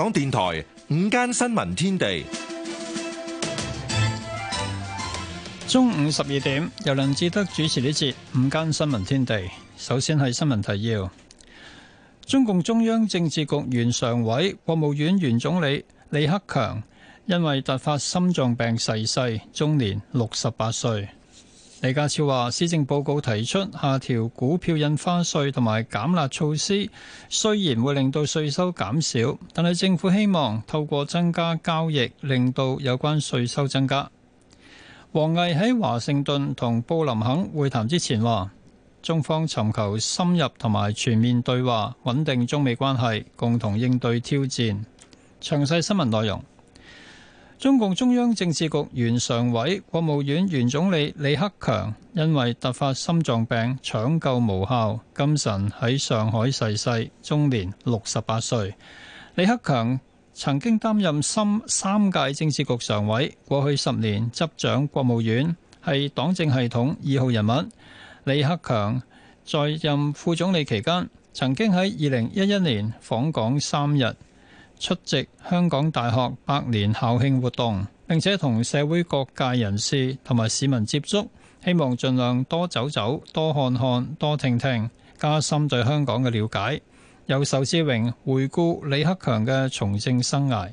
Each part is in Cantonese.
港電台午間新聞天地，中午十二點由梁志德主持呢節午間新聞天地。首先係新聞提要：中共中央政治局原常委、國務院原總理李克強因為突發心臟病逝世，終年六十八歲。李家超話，施政報告提出下調股票印花稅同埋減辣措施，雖然會令到稅收減少，但係政府希望透過增加交易，令到有關稅收增加。王毅喺華盛頓同布林肯會談之前話，中方尋求深入同埋全面對話，穩定中美關係，共同應對挑戰。詳細新聞內容。中共中央政治局原常委、國務院原總理李克強因為突發心臟病搶救無效，今晨喺上海逝世，終年六十八歲。李克強曾經擔任深三屆政治局常委，過去十年執掌國務院，係黨政系統二號人物。李克強在任副總理期間，曾經喺二零一一年訪港三日，出席香港大學百年校慶活動，並且同社會各界人士同埋市民接觸，希望盡量多走走、多看看、多聽聽，加深對香港嘅了解。由仇志榮回顧李克強嘅從政生涯。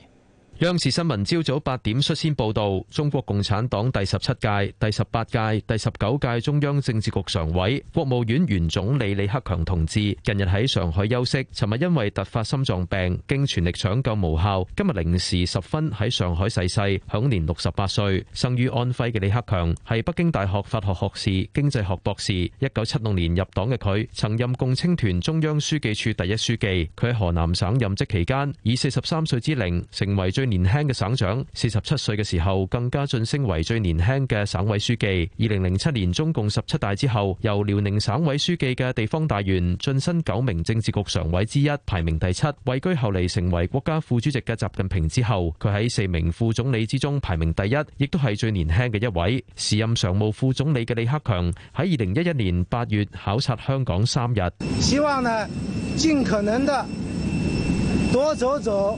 央視新聞朝早八點率先報道，中國共產黨第十七屆、第十八屆、第十九屆中央政治局常委、國務院原總理李克強同志近日喺上海休息，尋日因為突發心臟病，經全力搶救無效，今日零時十分喺上海逝世，享年六十八歲。生於安徽嘅李克強，係北京大學法學學士、經濟學博士，一九七六年入黨嘅佢，曾任共青團中央書記處第一書記。佢喺河南省任職期間，以四十三歲之齡成為最年輕嘅省長，四十七歲嘅時候更加晉升為最年輕嘅省委書記。二零零七年中共十七大之後，由遼寧省委書記嘅地方大員晉身九名政治局常委之一，排名第七，位居後嚟成為國家副主席嘅習近平之後。佢喺四名副總理之中排名第一，亦都係最年輕嘅一位。時任常務副總理嘅李克強喺二零一一年八月考察香港三日。希望呢，盡可能的多走走。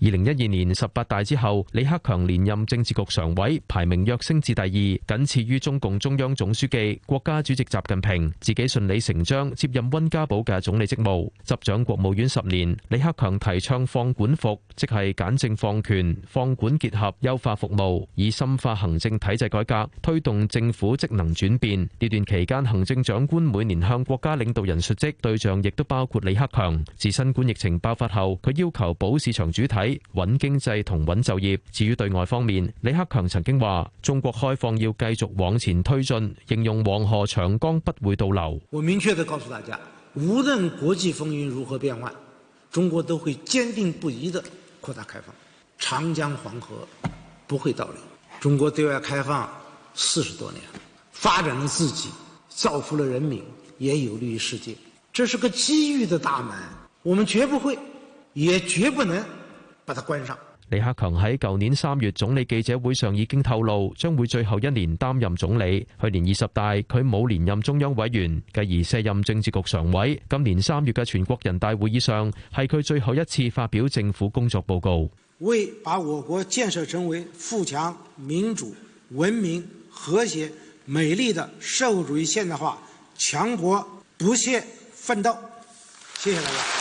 二零一二年十八大之後，李克強連任政治局常委，排名躍升至第二，僅次於中共中央總書記、國家主席習近平。自己順理成章接任温家寶嘅總理職務，執掌國務院十年。李克強提倡放管服，即係簡政放權、放管結合、優化服務，以深化行政體制改革，推動政府職能轉變。呢段期間，行政長官每年向國家領導人述職，對象亦都包括李克強。自新冠疫情爆發後，佢要求保市場主體，穩經濟同穩就業。至於對外方面，李克強曾經話：中國開放要繼續往前推進，形容黃河長江不會倒流。我明確地告訴大家，無論國際風雲如何變幻，中國都會堅定不移地擴大開放。長江黃河不會倒流。中國對外開放四十多年，發展了自己，造福了人民，也有利於世界。這是個機遇的大門，我們絕不會，也絕不能。把它關上。李克強喺舊年三月總理記者會上已經透露，將會最後一年擔任總理。去年二十大，佢冇連任中央委員，繼而卸任政治局常委。今年三月嘅全國人大會議上，係佢最後一次發表政府工作報告。為把我國建設成為富強民主文明和諧美麗的社會主義現代化強國，不懈奮鬥。謝謝大家。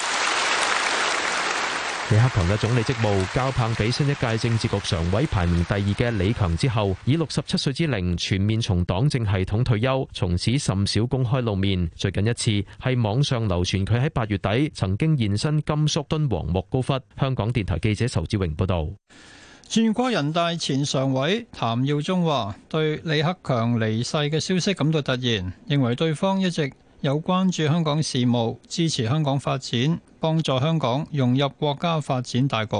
李克強嘅總理職務交棒俾新一屆政治局常委排名第二嘅李強之後，以六十七歲之齡全面從黨政系統退休，從此甚少公開露面。最近一次係網上流傳佢喺八月底曾經現身甘肅敦煌莫高窟。香港電台記者仇志榮報道。全國人大前常委譚耀宗話：對李克強離世嘅消息感到突然，認為對方一直。有關注香港事務、支持香港發展、幫助香港融入國家發展大局。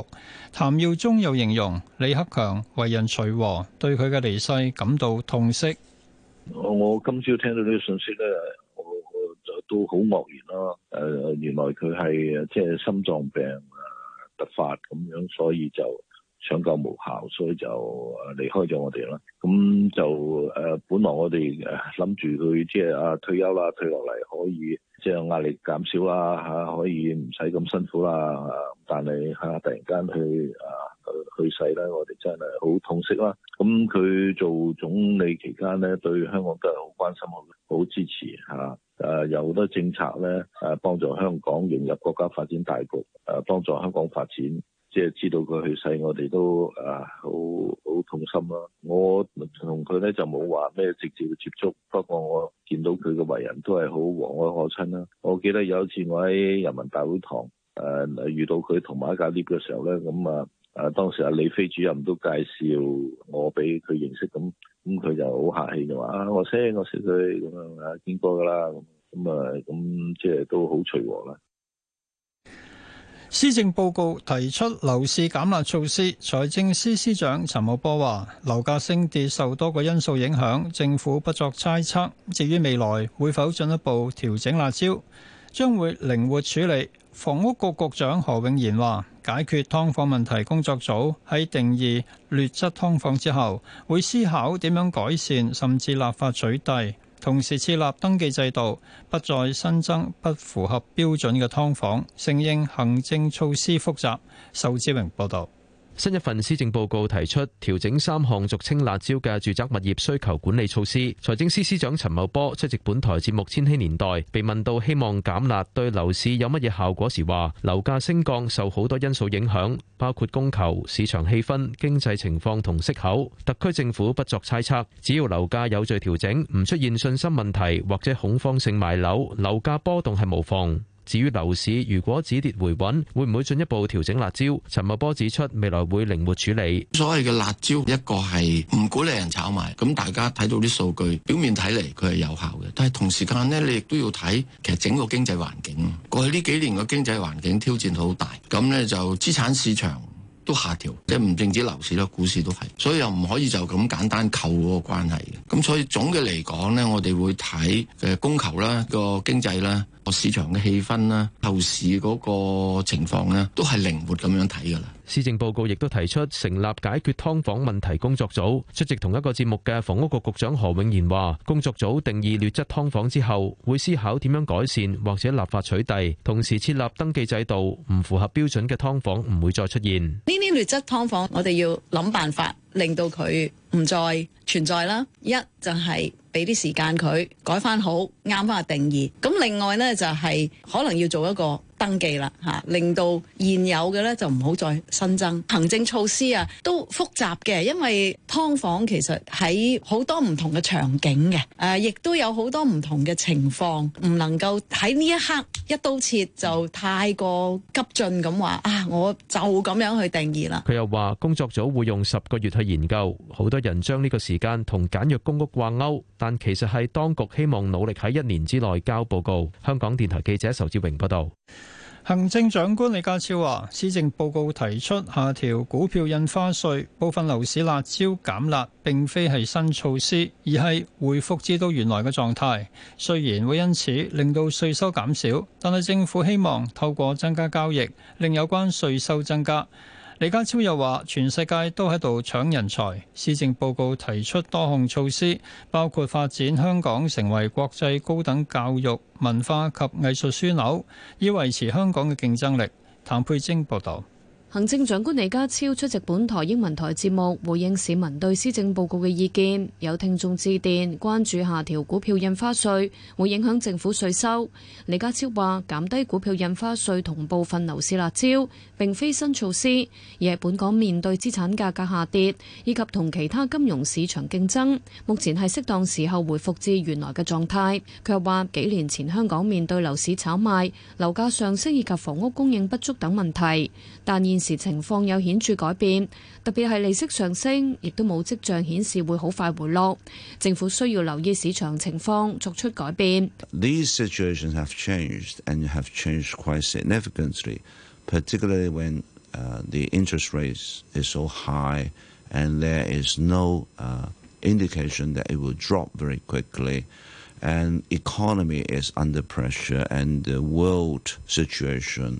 譚耀宗又形容李克強為人隨和，對佢嘅離世感到痛惜。我今朝聽到呢個信息咧，我我就都好愕然啦。誒，原來佢係即係心臟病突發咁樣，所以就。搶救無效，所以就離開咗我哋啦。咁就誒、呃，本來我哋諗住佢即係啊退休啦，退落嚟，可以即係壓力減少啦，吓、啊、可以唔使咁辛苦啦，啊。但係吓、啊、突然間去啊，去，啊去世咧，我哋真係好痛惜啦。咁佢做總理期間咧，對香港都係好關心、好支持吓。誒、啊，有好多政策咧，誒、啊、幫助香港融入國家發展大局，誒、啊、幫助香港發展。即係知道佢去世，我哋都啊好好痛心咯。我同佢咧就冇話咩直接嘅接觸，不過我見到佢嘅為人都係好和藹可親啦。我記得有一次我喺人民大會堂誒遇到佢同埋一架 lift 嘅時候咧，咁啊啊當時阿李飛主任都介紹我俾佢認識，咁咁佢就好客氣就話啊我識我識佢咁樣啊見過㗎啦，咁咁啊咁即係都好隨和啦。施政報告提出樓市減壓措施，財政司司長陳茂波話：樓價升跌受多個因素影響，政府不作猜測。至於未來會否進一步調整辣招，將會靈活處理。房屋局局長何永賢話：解決劏房問題工作組喺定義劣質劏房之後，會思考點樣改善，甚至立法取締。同時設立登記制度，不再新增不符合標準嘅劏房，承認行政措施複雜。仇志榮報導。新一份施政報告提出調整三項俗稱辣招嘅住宅物業需求管理措施。財政司司長陳茂波出席本台節目《千禧年代》，被問到希望減辣對樓市有乜嘢效果時話，樓價升降受好多因素影響，包括供求、市場氣氛、經濟情況同息口。特區政府不作猜測，只要樓價有序調整，唔出現信心問題或者恐慌性賣樓，樓價波動係無妨。至於樓市，如果止跌回穩，會唔會進一步調整辣招？陳茂波指出，未來會靈活處理所謂嘅辣招，一個係唔鼓勵人炒賣，咁大家睇到啲數據，表面睇嚟佢係有效嘅，但係同時間呢，你亦都要睇其實整個經濟環境。過去呢幾年嘅經濟環境挑戰好大，咁呢就資產市場都下調，即係唔淨止樓市啦，股市都係，所以又唔可以就咁簡單扣嗰個關係嘅。咁所以總嘅嚟講呢，我哋會睇誒供求啦，這個經濟啦。市場嘅氣氛啦，樓市嗰個情況咧，都係靈活咁樣睇噶啦。施政報告亦都提出成立解決劏房問題工作組。出席同一個節目嘅房屋局局長何永賢話：工作組定義劣質劏房之後，會思考點樣改善或者立法取締，同時設立登記制度，唔符合標準嘅劏房唔會再出現。呢啲劣質劏房，我哋要諗辦法令到佢唔再存在啦。一就係。俾啲時間佢改翻好，啱翻個定義，咁另外咧就係可能要做一個。登記啦嚇，令到現有嘅咧就唔好再新增行政措施啊，都複雜嘅，因為劏房其實喺好多唔同嘅場景嘅，誒、啊、亦都有好多唔同嘅情況，唔能夠喺呢一刻一刀切就太過急進咁話啊！我就咁樣去定義啦。佢又話工作組會用十個月去研究，好多人將呢個時間同簡約公屋掛鈎，但其實係當局希望努力喺一年之內交報告。香港電台記者仇志榮報道。行政長官李家超話，施政報告提出下調股票印花稅、部分樓市辣椒減辣，並非係新措施，而係回復至到原來嘅狀態。雖然會因此令到稅收減少，但係政府希望透過增加交易，令有關稅收增加。李家超又話：全世界都喺度搶人才。施政報告提出多項措施，包括發展香港成為國際高等教育、文化及藝術樞紐，以維持香港嘅競爭力。譚佩晶報導。行政長官李家超出席本台英文台節目，回應市民對施政報告嘅意見。有聽眾致電，關注下調股票印花稅會影響政府稅收。李家超話：減低股票印花稅同部分樓市辣招並非新措施，而係本港面對資產價格下跌以及同其他金融市場競爭，目前係適當時候回復至原來嘅狀態。佢話：幾年前香港面對樓市炒賣、樓價上升以及房屋供應不足等問題，但現時時情況有顯著改變，特別係利息上升，亦都冇跡象顯示會好快回落。政府需要留意市場情況，作出改變。These situations have changed, and have changed quite significantly, particularly when, uh, the interest rates are so high, and there is no, uh, indication that it will drop very quickly, and economy is under pressure, and the world situation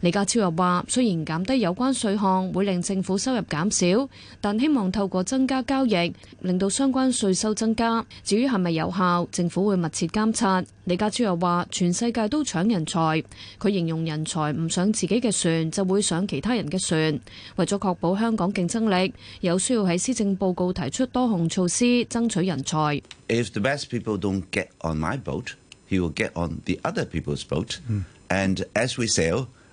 李家超又話：雖然減低有關稅項會令政府收入減少，但希望透過增加交易，令到相關稅收增加。至於係咪有效，政府會密切監察。李家超又話：全世界都搶人才，佢形容人才唔上自己嘅船，就會上其他人嘅船。為咗確保香港競爭力，有需要喺施政報告提出多項措施爭取人才。If the best people don't get on my boat, he will get on the other people's boat, and as we sail.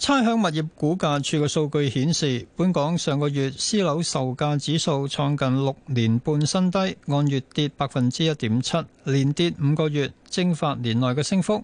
差餉物業估價署嘅數據顯示，本港上個月私樓售價指數創近六年半新低，按月跌百分之一點七，連跌五個月，蒸發年內嘅升幅。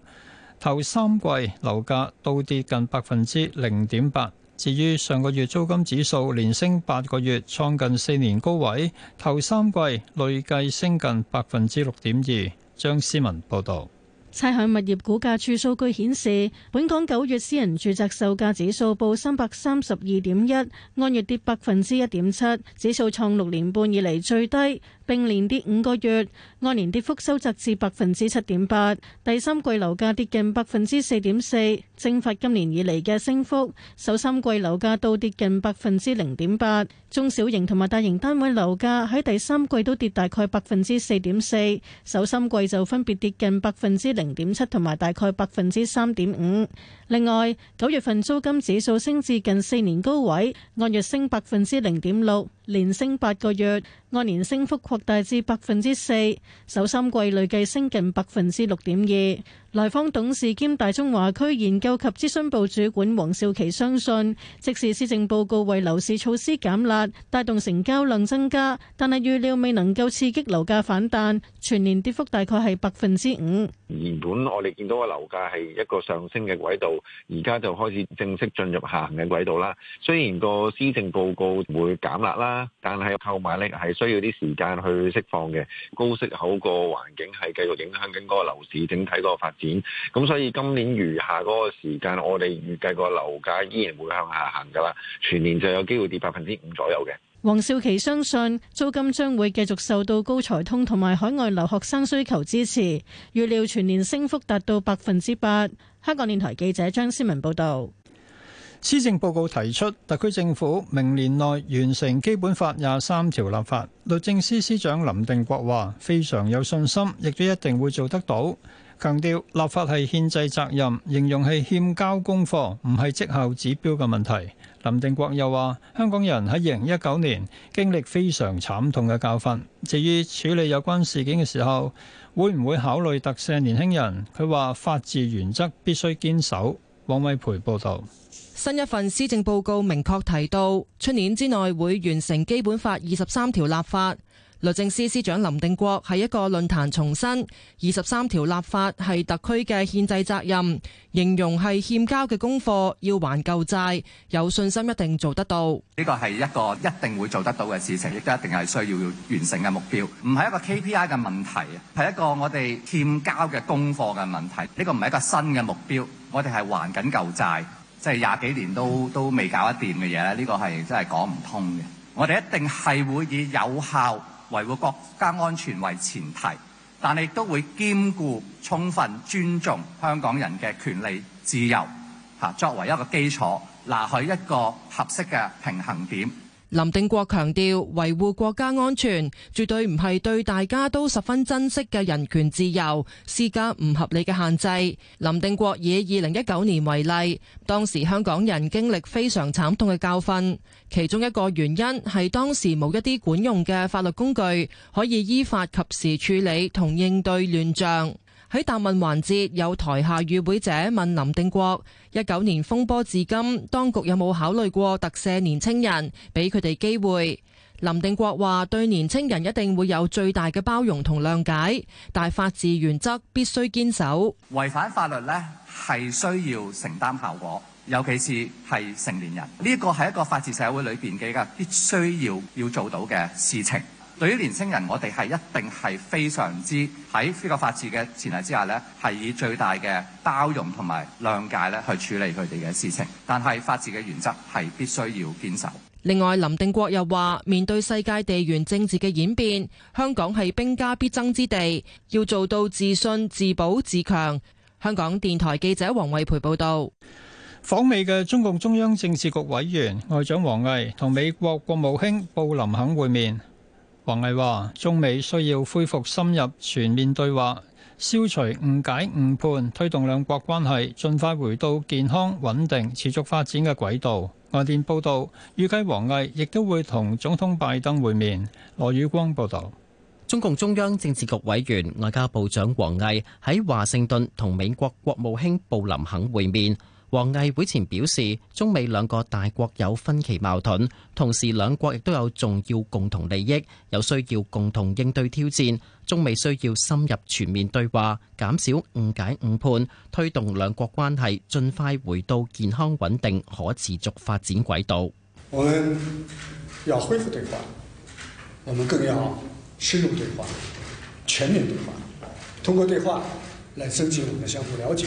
頭三季樓價倒跌近百分之零點八。至於上個月租金指數連升八個月，創近四年高位，頭三季累計升近百分之六點二。張思文報道。差餉物業估價署數據顯示，本港九月私人住宅售價指數報三百三十二點一，按月跌百分之一點七，指數創六年半以嚟最低，並連跌五個月，按年跌幅收窄至百分之七點八。第三季樓價跌近百分之四點四，蒸發今年以嚟嘅升幅，首三季樓價都跌近百分之零點八。中小型同埋大型單位樓價喺第三季都跌大概百分之四點四，首三季就分別跌近百分之零零點七同埋大概百分之三點五。另外，九月份租金指數升至近四年高位，按月升百分之零點六。連升8個月，按年升幅擴大至百分之4，首三季累計升近百分之6。但係購買力係需要啲時間去釋放嘅，高息口嘅環境係繼續影響緊嗰個樓市整體嗰個發展，咁所以今年餘下嗰個時間，我哋預計個樓價依然會向下行㗎啦，全年就有機會跌百分之五左右嘅。黃少琪相信租金將會繼續受到高才通同埋海外留學生需求支持，預料全年升幅達到百分之八。香港電台記者張思文報道。施政報告提出，特區政府明年內完成基本法廿三條立法。律政司司長林定國話：非常有信心，亦都一定會做得到。強調立法係憲制責任，形容係欠交功課，唔係績效指標嘅問題。林定國又話：香港人喺二零一九年經歷非常慘痛嘅教訓。至於處理有關事件嘅時候，會唔會考慮特赦年輕人？佢話法治原則必須堅守。王偉培報導。新一份施政報告明確提到，出年之內會完成基本法二十三條立法。律政司司長林定國係一個論壇重申，二十三條立法係特區嘅憲制責任，形容係欠交嘅功課，要還舊債，有信心一定做得到。呢個係一個一定會做得到嘅事情，亦都一定係需要完成嘅目標，唔係一個 KPI 嘅問題，係一個我哋欠交嘅功課嘅問題。呢個唔係一個新嘅目標，我哋係還緊舊債。即係廿幾年都都未搞得掂嘅嘢咧，呢個係真係講唔通嘅。我哋一定係會以有效維護國家安全為前提，但係亦都會兼顧充分尊重香港人嘅權利自由，嚇作為一個基礎，拿去一個合適嘅平衡點。林定國強調，維護國家安全絕對唔係對大家都十分珍惜嘅人權自由，施加唔合理嘅限制。林定國以二零一九年為例，當時香港人經歷非常慘痛嘅教訓，其中一個原因係當時冇一啲管用嘅法律工具，可以依法及時處理同應對亂象。喺答問環節，有台下與會者問林定國：一九年風波至今，當局有冇考慮過特赦年青人，俾佢哋機會？林定國話：對年青人一定會有最大嘅包容同諒解，但法治原則必須堅守。違反法律呢係需要承擔效果，尤其是係成年人。呢個係一個法治社會裏邊嘅必須要要做到嘅事情。對於年輕人，我哋係一定係非常之喺呢個法治嘅前提之下，呢係以最大嘅包容同埋諒解，呢去處理佢哋嘅事情。但係法治嘅原則係必須要堅守。另外，林定國又話：面對世界地緣政治嘅演變，香港係兵家必爭之地，要做到自信、自保、自強。香港電台記者黃惠培報道，訪美嘅中共中央政治局委員外長王毅同美國國務卿布林肯會面。王毅話：中美需要恢復深入全面對話，消除誤解誤判，推動兩國關係盡快回到健康穩定持續發展嘅軌道。外電報道，預計王毅亦都會同總統拜登會面。羅宇光報導，中共中央政治局委員、外交部長王毅喺華盛頓同美國國務卿布林肯會面。王毅會前表示，中美兩個大國有分歧矛盾，同時兩國亦都有重要共同利益，有需要共同應對挑戰。中美需要深入全面對話，減少誤解誤判，推動兩國關係盡快回到健康穩定可持續發展軌道。我們要恢復對話，我們更要深入對話、全面對話，通過對話來增進我們相互了解。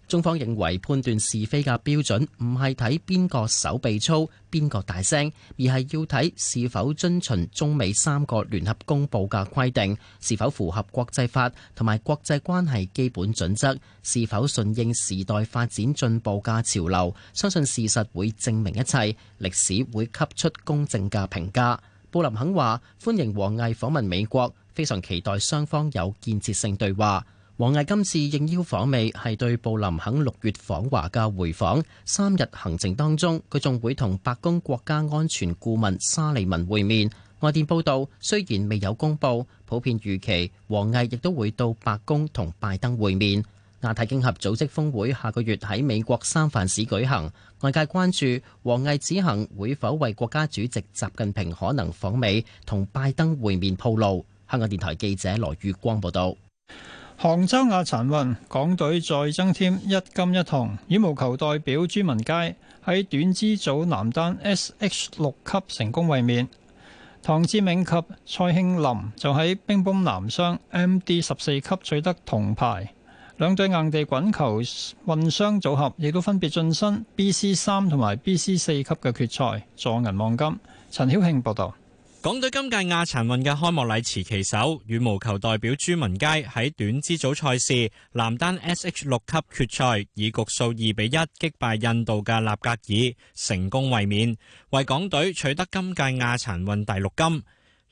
中方認為判斷是非嘅標準唔係睇邊個手臂粗、邊個大聲，而係要睇是否遵循中美三個聯合公布嘅規定，是否符合國際法同埋國際關係基本準則，是否順應時代發展進步嘅潮流。相信事實會證明一切，歷史會給出公正嘅評價。布林肯話：歡迎王毅訪問美國，非常期待雙方有建設性對話。王毅今次應邀訪美係對布林肯六月訪華嘅回訪，三日行程當中，佢仲會同白宮國家安全顧問沙利文會面。外電報道，雖然未有公布，普遍預期王毅亦都會到白宮同拜登會面。亞太經合組織峰會下個月喺美國三藩市舉行，外界關注王毅此行會否為國家主席習近平可能訪美同拜登會面鋪路。香港電台記者羅玉光報道。杭州亞殘運，港隊再增添一金一銅。羽毛球代表朱文佳喺短肢組男單 S.H. 六級成功衛冕，唐志銘及蔡興林就喺乒乓男雙 M.D. 十四級取得銅牌。兩對硬地滾球混雙組合亦都分別晉身 B.C. 三同埋 B.C. 四級嘅決賽，助銀望金。陳曉慶報道。港隊今屆亞殘運嘅開幕禮持旗手，羽毛球代表朱文佳喺短肢組賽事男單 SH 六級決賽，以局數二比一擊敗印度嘅納格爾，成功衛冕，為港隊取得今屆亞殘運第六金。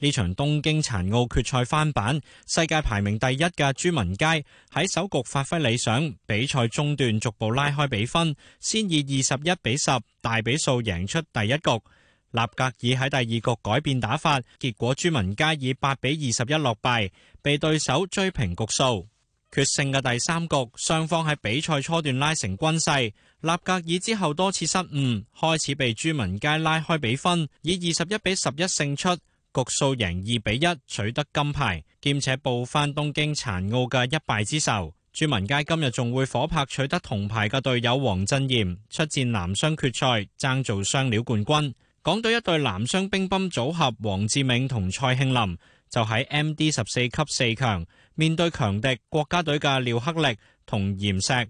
呢場東京殘奧決賽翻版，世界排名第一嘅朱文佳喺首局發揮理想，比賽中段逐步拉開比分，先以二十一比十大比數贏出第一局。納格爾喺第二局改變打法，結果朱文佳以八比二十一落敗，被對手追平局數。決勝嘅第三局，雙方喺比賽初段拉成均勢。納格爾之後多次失誤，開始被朱文佳拉開比分，以二十一比十一勝出，局數贏二比一，取得金牌，兼且報翻東京殘奧嘅一敗之仇。朱文佳今日仲會夥拍取得銅牌嘅隊友黃振炎，出戰男雙決賽，爭做雙料冠軍。港隊一對男雙乒乓組合黃志明同蔡慶林就喺 MD 十四級四強面對強敵國家隊嘅廖克力同嚴石，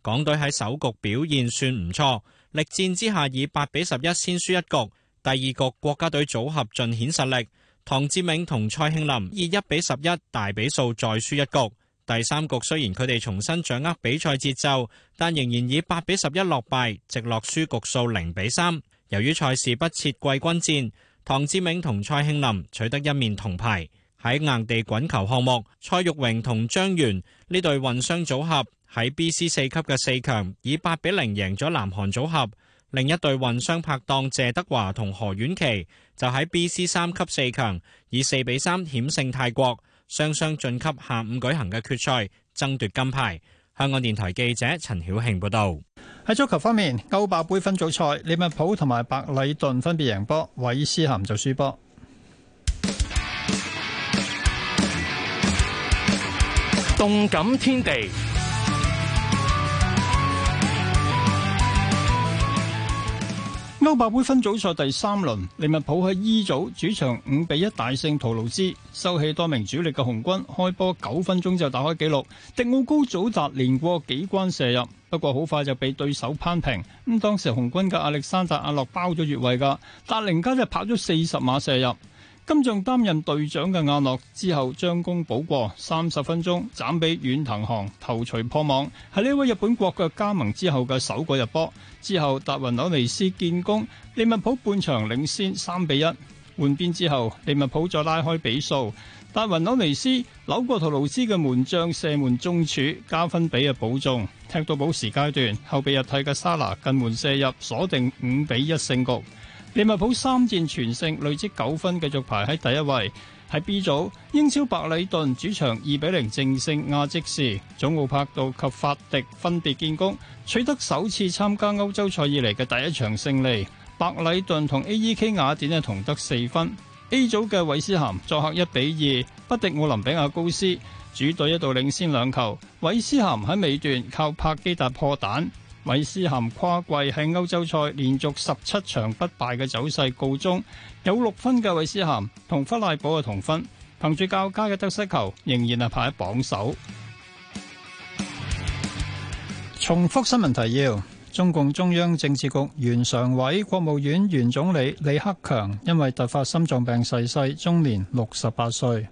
港隊喺首局表現算唔錯，力戰之下以八比十一先輸一局。第二局國家隊組合盡顯實力，唐志明同蔡慶林以一比十一大比數再輸一局。第三局雖然佢哋重新掌握比賽節奏，但仍然以八比十一落敗，直落輸局數零比三。由於賽事不設季軍戰，唐志明同蔡慶林取得一面銅牌。喺硬地滾球項目，蔡玉榮同張元呢對混雙組合喺 B C 四級嘅四強，以八比零贏咗南韓組合。另一對混雙拍檔謝德華同何婉琪就喺 B C 三級四強，以四比三險勝泰國，雙雙晉級下午舉行嘅決賽爭奪金牌。香港電台記者陳曉慶報導。喺足球方面，歐霸杯分組賽，利物浦同埋白禮頓分別贏波，韋斯咸就輸波。動感天地。歐霸杯分組賽第三輪，利物浦喺 E 組主場五比一大勝圖盧茲，收起多名主力嘅紅軍，開波九分鐘就打開紀錄，迪奧高祖達連過幾關射入，不過好快就被對手扳平。咁當時紅軍嘅阿力山大阿諾包咗越位噶，達寧家就拍咗四十碼射入。金像擔任隊長嘅阿諾之後將功補過，三十分鐘斬比遠藤航頭錘破網，係呢位日本國腳加盟之後嘅首個入波。之後達雲紐尼斯建功，利物浦半場領先三比一。換邊之後，利物浦再拉開比數，達雲紐尼斯扭過圖盧斯嘅門將射門中柱，加分比啊保中。踢到補時階段，後備入替嘅沙拿近門射入，鎖定五比一勝局。利物浦三戰全勝，累積九分，繼續排喺第一位。喺 B 組，英超白禮頓主場二比零淨勝亞積士，祖奧柏度及法迪分別建功，取得首次參加歐洲賽以嚟嘅第一場勝利。白禮頓同 A.E.K. 雅典咧同得四分。A 組嘅韋斯咸作客一比二不敵奧林比亞高斯，主隊一度領先兩球，韋斯咸喺尾段靠柏基達破蛋。韋斯咸跨季喺歐洲賽連續十七場不敗嘅走勢告終，有六分嘅韋斯咸同弗賴堡嘅同分，憑住較佳嘅得失球，仍然係排喺榜首。重複新聞提要：中共中央政治局原常委、國務院原總理李克強因為突發心臟病逝世，終年六十八歲。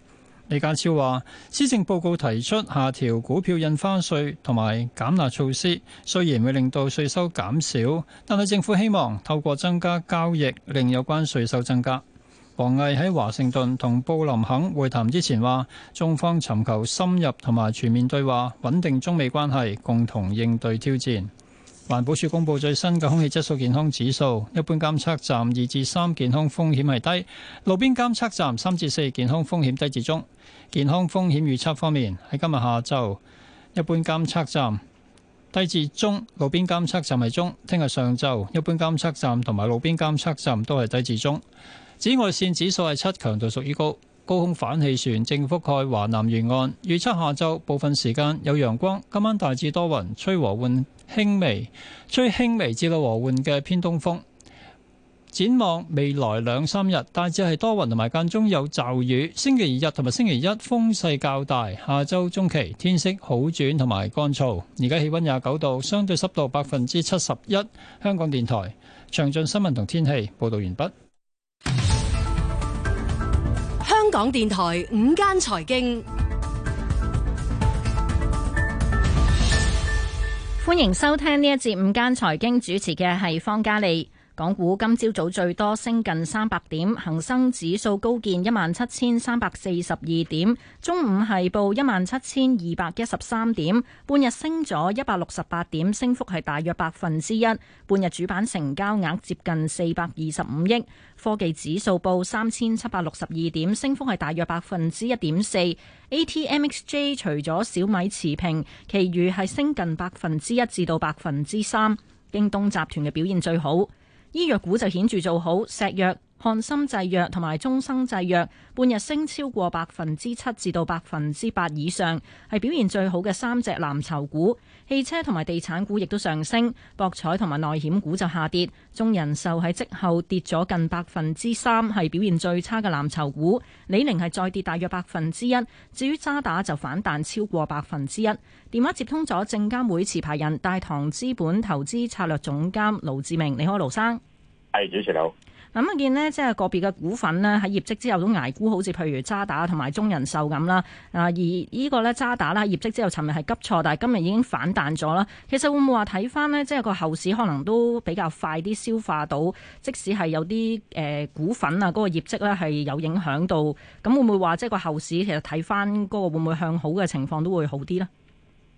李家超話：施政報告提出下調股票印花稅同埋減辣措施，雖然會令到稅收減少，但係政府希望透過增加交易令有關稅收增加。王毅喺華盛頓同布林肯會談之前話：中方尋求深入同埋全面對話，穩定中美關係，共同應對挑戰。環保署公布最新嘅空氣質素健康指數，一般監測站二至三健康風險係低，路邊監測站三至四健康風險低至中。健康風險預測方面，喺今日下晝，一般監測站低至中，路邊監測站係中。聽日上晝，一般監測站同埋路邊監測站都係低至中。紫外線指數係七，強度屬於高。高空反氣旋正覆蓋華南沿岸，預測下晝部分時間有陽光，今晚大致多雲，吹和緩，輕微，最輕微至到和緩嘅偏東風。展望未來兩三日，大致係多雲同埋間中有驟雨。星期二日同埋星期一風勢較大。下周中期天色好轉同埋乾燥。而家氣溫廿九度，相對濕度百分之七十一。香港電台詳盡新聞同天氣報道完畢。香港電台午間財經。歡迎收聽呢一節午間財經，主持嘅係方嘉利。港股今朝早最多升近三百點，恒生指數高見一萬七千三百四十二點，中午係報一萬七千二百一十三點，半日升咗一百六十八點，升幅係大約百分之一。半日主板成交額接近四百二十五億。科技指數報三千七百六十二點，升幅係大約百分之一點四。ATMXJ 除咗小米持平，其餘係升近百分之一至到百分之三。京東集團嘅表現最好。醫藥股就顯著做好，石藥、瀚森製藥同埋中生製藥半日升超過百分之七至到百分之八以上，係表現最好嘅三隻藍籌股。汽車同埋地產股亦都上升，博彩同埋內險股就下跌。中人壽喺績後跌咗近百分之三，係表現最差嘅藍籌股。李寧係再跌大約百分之一，至於渣打就反彈超過百分之一。電話接通咗證監會持牌人大堂資本投資策，策略總監盧志明，你好，盧生。係，主持人好。咁啊，見呢即係個別嘅股份呢，喺業績之後都捱沽，好似譬如渣打同埋中人壽咁啦。啊，而呢個呢，渣打啦，業績之後，尋日係急挫，但係今日已經反彈咗啦。其實會唔會話睇翻呢？即係個後市可能都比較快啲消化到，即使係有啲誒股份啊嗰個業績呢係有影響到，咁會唔會話即係個後市其實睇翻嗰個會唔會向好嘅情況都會好啲呢？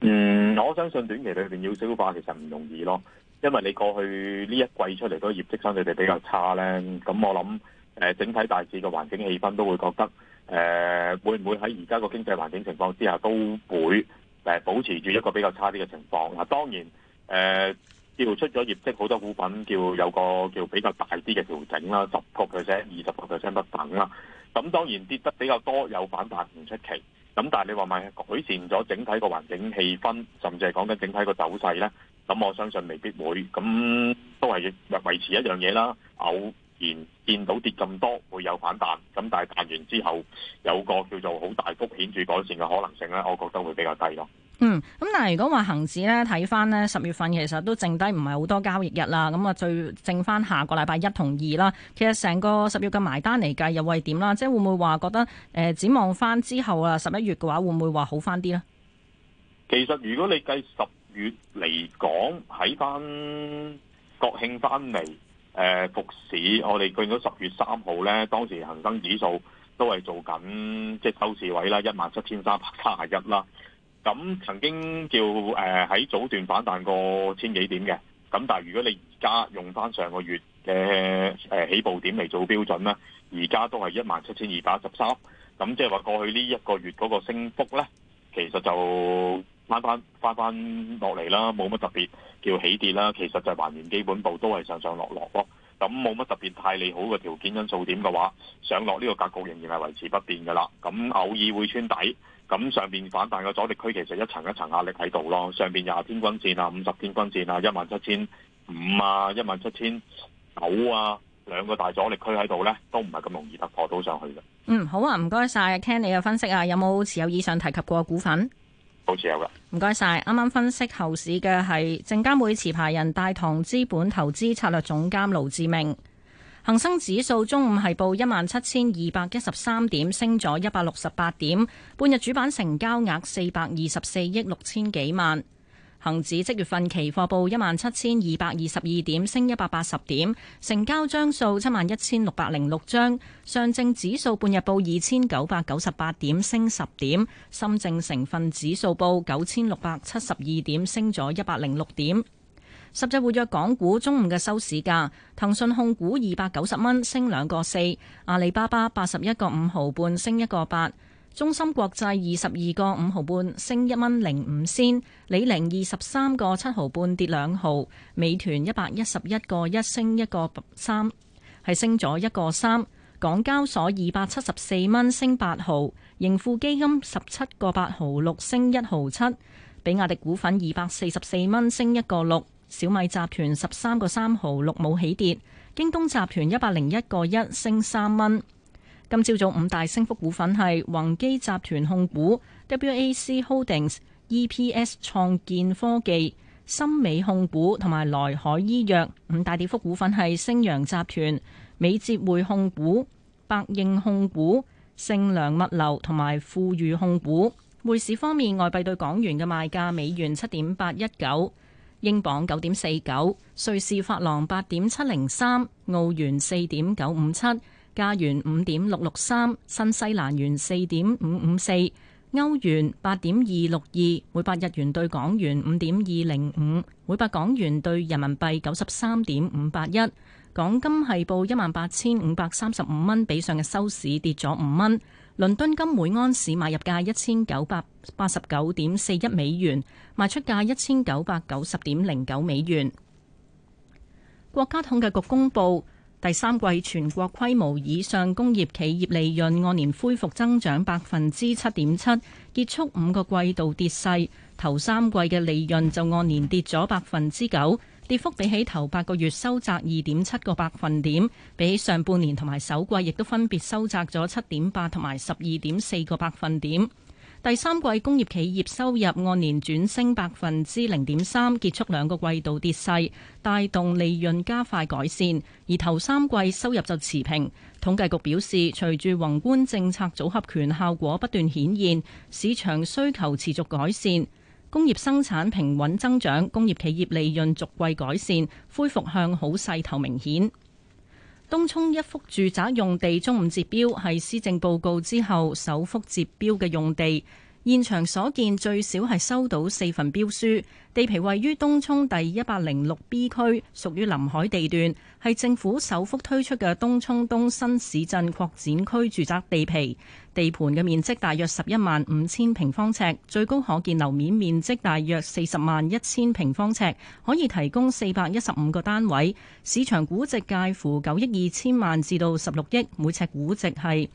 嗯，我相信短期裏邊要消化其實唔容易咯。因為你過去呢一季出嚟嗰個業績相對地比較差呢，咁我諗誒、呃、整體大市嘅環境氣氛都會覺得誒、呃、會唔會喺而家個經濟環境情況之下都會誒、呃、保持住一個比較差啲嘅情況。嗱，當然誒、呃、叫出咗業績好多股份叫有個叫比較大啲嘅調整啦，十個 percent、二十個 percent 不等啦。咁、啊、當然跌得比較多有反彈唔出奇。咁、啊、但係你話咪改善咗整體個環境氣氛，甚至係講緊整體個走勢呢？咁我相信未必會，咁都係維持一樣嘢啦。偶然見到跌咁多，會有反彈，咁但係彈完之後有個叫做好大幅顯著改善嘅可能性咧，我覺得會比較低咯。嗯，咁但係如果話恆指咧，睇翻呢十月份其實都剩低唔係好多交易日啦，咁啊最剩翻下個禮拜一、同二啦。其實成個十月嘅埋單嚟計又會係點啦？即係會唔會話覺得誒展望翻之後啊，十一月嘅話會唔會話好翻啲呢？其實如果你計十月嚟講喺翻國慶翻嚟，誒、呃、復市，我哋見到十月三號咧，當時恒生指數都係做緊即係收市位啦，一萬七千三百三十一啦。咁曾經叫誒喺、呃、早段反彈過千幾點嘅，咁但係如果你而家用翻上個月嘅誒起步點嚟做標準咧，而家都係一萬七千二百十三，咁即係話過去呢一個月嗰個升幅咧，其實就～翻翻翻翻落嚟啦，冇乜特別叫起跌啦。其實就係還原基本步都係上上落落咯。咁冇乜特別太利好嘅條件因素點嘅話，上落呢個格局仍然係維持不變嘅啦。咁偶爾會穿底，咁上邊反彈嘅阻力區其實一層一層壓力喺度咯。上邊廿天均線啊、五十天均線啊、一萬七千五啊、一萬七千九啊，兩個大阻力區喺度咧，都唔係咁容易突破到上去嘅。嗯，好啊，唔該晒。Ken，你嘅分析啊，有冇持有以上提及過嘅股份？唔該晒。啱啱分析後市嘅係證監會持牌人大唐資本投資策略總監盧志明。恒生指數中午係報一萬七千二百一十三點，升咗一百六十八點。半日主板成交額四百二十四億六千幾萬。恒指即月份期貨報一萬七千二百二十二點，升一百八十點，成交張數七萬一千六百零六張。上證指數半日報二千九百九十八點，升十點。深證成分指數報九千六百七十二點，升咗一百零六點。十隻活躍港股中午嘅收市價，騰訊控股二百九十蚊，升兩個四；阿里巴巴八十一個五毫半，升一個八。中芯國際二十二個五毫半升一蚊零五仙，李寧二十三個七毫半跌兩毫，美團一百一十一個一升一個三，係升咗一個三。港交所二百七十四蚊升八毫，盈富基金十七個八毫六升一毫七，比亞迪股份二百四十四蚊升一個六，小米集團十三個三毫六冇起跌，京東集團一百零一個一升三蚊。今朝早五大升幅股份係宏基集團控股、WAC Holdings、e、EPS 創建科技、森美控股同埋來海醫藥。五大跌幅股份係星陽集團、美捷匯控股、百應控股、盛良物流同埋富裕控股。匯市方面，外幣對港元嘅賣價：美元七點八一九，英鎊九點四九，瑞士法郎八點七零三，澳元四點九五七。加元五點六六三，3, 新西蘭元四點五五四，歐元八點二六二，每百日元對港元五點二零五，每百港元對人民幣九十三點五八一。港金係報一萬八千五百三十五蚊，比上日收市跌咗五蚊。倫敦金每安士買入價一千九百八十九點四一美元，賣出價一千九百九十點零九美元。國家統計局公布。第三季全國規模以上工業企業利潤按年恢復增長百分之七點七，結束五個季度跌勢。頭三季嘅利潤就按年跌咗百分之九，跌幅比起頭八個月收窄二點七個百分點，比起上半年同埋首季亦都分別收窄咗七點八同埋十二點四個百分點。第三季工業企業收入按年轉升百分之零點三，結束兩個季度跌勢，帶動利潤加快改善。而頭三季收入就持平。統計局表示，隨住宏觀政策組合拳效果不斷顯現，市場需求持續改善，工業生產平穩增長，工業企業利潤逐季改善，恢復向好勢頭明顯。東涌一幅住宅用地中午接標，係施政報告之後首幅接標嘅用地。現場所見最少係收到四份標書，地皮位於東涌第一百零六 B 區，屬於臨海地段，係政府首幅推出嘅東涌東新市鎮擴展區住宅地皮。地盤嘅面積大約十一萬五千平方尺，最高可建樓面面積大約四十萬一千平方尺，可以提供四百一十五個單位。市場估值介乎九億二千萬至到十六億，每尺估值係。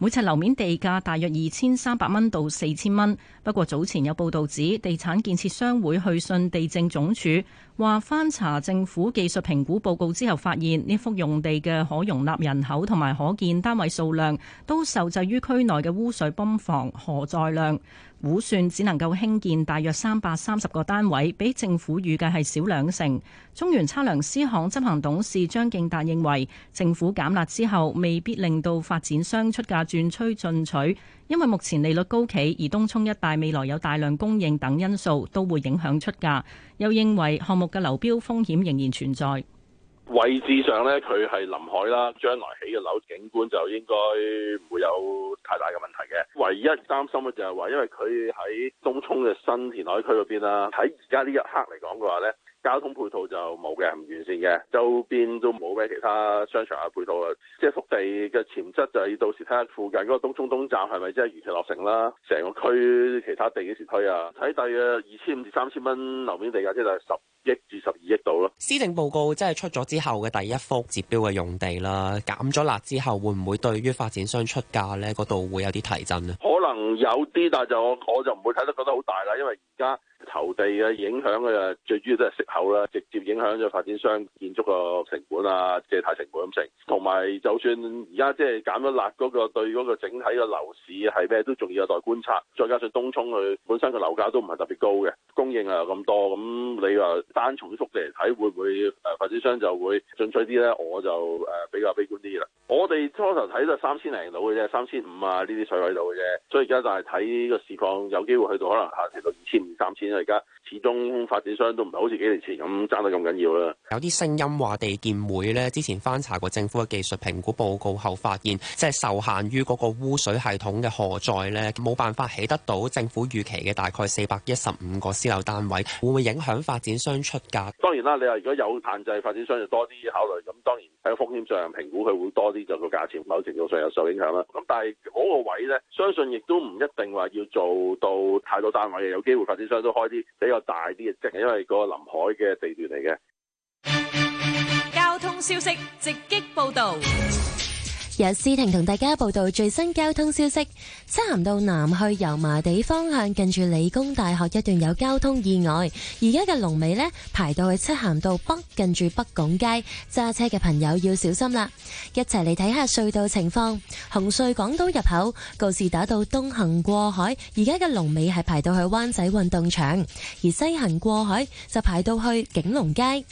每呎樓面地價大約二千三百蚊到四千蚊，不過早前有報道指，地產建設商會去信地政總署，話翻查政府技術評估報告之後，發現呢幅用地嘅可容納人口同埋可建單位數量都受制於區內嘅污水泵房荷載量。估算只能夠興建大約三百三十個單位，比政府預計係少兩成。中原測量師行執行董事張敬達認為，政府減辣之後未必令到發展商出價轉趨進取，因為目前利率高企，而東涌一帶未來有大量供應等因素都會影響出價。又認為項目嘅流標風險仍然存在。位置上呢，佢係臨海啦，將來起嘅樓景觀就應該唔會有太大嘅問題嘅。唯一擔心嘅就係話，因為佢喺東涌嘅新填海區嗰邊啦，喺而家呢一刻嚟講嘅話呢。交通配套就冇嘅，唔完善嘅，周邊都冇咩其他商場嘅配套啊，即係幅地嘅潛質就要到時睇下附近嗰個東涌東站係咪即係如期落成啦，成個區其他地幾時推啊，睇大約二千五至三千蚊樓面地價，即係十億至十二億度咯。施政報告即係出咗之後嘅第一幅接標嘅用地啦，減咗辣之後，會唔會對於發展商出價咧，嗰度會有啲提振呢？可能有啲，但係就我就唔會睇得覺得好大啦，因為而家。投地嘅影響咧，最主要都係息口啦，直接影響咗發展商建築個成本啊、借貸成本咁成。同埋，就算而家即係減咗辣嗰、那個對嗰個整體嘅樓市係咩，都仲要有待觀察。再加上東涌佢本身個樓價都唔係特別高嘅，供應又咁多，咁你話單重複地嚟睇，會唔會誒發展商就會進取啲咧？我就誒比較悲觀啲啦。我哋初頭睇就三千零度嘅啫，三千五啊呢啲水位度嘅啫，所以而家就係睇個市況有機會去到可能下調到二千五、三千。而家始終發展商都唔係好似幾年前咁爭得咁緊要啦。有啲聲音話地建會呢，之前翻查過政府嘅技術評估報告後，發現即係受限於嗰個污水系統嘅荷載呢，冇辦法起得到政府預期嘅大概四百一十五個私樓單位，會唔會影響發展商出價？當然啦，你話如果有限制，發展商就多啲考慮。咁當然喺風險上評估佢會多啲，就個價錢某程度上有受影響啦。咁但係嗰個位呢，相信亦都唔一定話要做到太多單位，有機會發展商都開啲比較大啲嘅，即係因為個臨海嘅地段嚟嘅。交通消息直擊報道。由思婷同大家報道最新交通消息。漆咸道南去油麻地方向，近住理工大學一段有交通意外，而家嘅龍尾呢排到去漆咸道北，近住北拱街，揸車嘅朋友要小心啦。一齊嚟睇下隧道情況。紅隧港島入口告士打道東行過海，而家嘅龍尾係排到去灣仔運動場，而西行過海就排到去景隆街。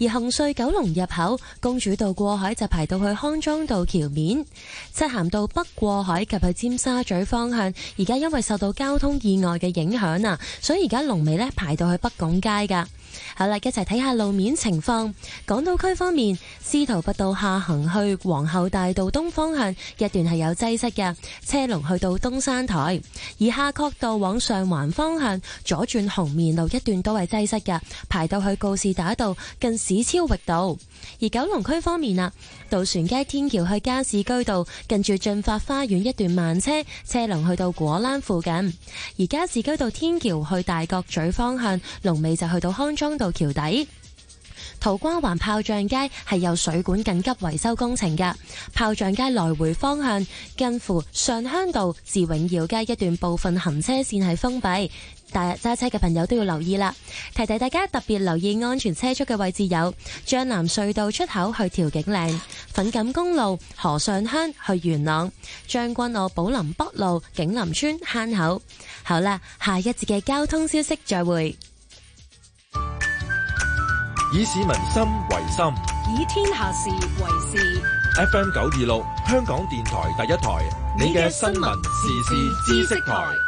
而紅隧九龍入口公主道過海就排到去康莊道橋面，漆咸道北過海及去尖沙咀方向，而家因為受到交通意外嘅影響啊，所以而家龍尾咧排到去北港街噶。好啦，一齊睇下路面情況。港島區方面，司徒拔道下行去皇后大道東方向一段係有擠塞嘅，車龍去到東山台；而夏慤道往上環方向左轉紅棉路一段都係擠塞嘅，排到去告士打道近史超域道。而九龍區方面啊，渡船街天橋去加士居道近住駿發花園一段慢車，車龍去到果欄附近；而加士居道天橋去大角咀方向，龍尾就去到康莊道橋底。土瓜灣炮仗街係有水管緊急維修工程嘅，炮仗街來回方向近乎上鄉道至永耀街一段部分行車線係封閉。大日揸車嘅朋友都要留意啦，提提大家特別留意安全車速嘅位置有：將南隧道出口去調景嶺、粉錦公路河上鄉去元朗、將軍澳寶林北路景林村坑口。好啦，下一節嘅交通消息再會。以市民心為心，以天下事為事。FM 九二六，26, 香港電台第一台，你嘅新聞時事知識台。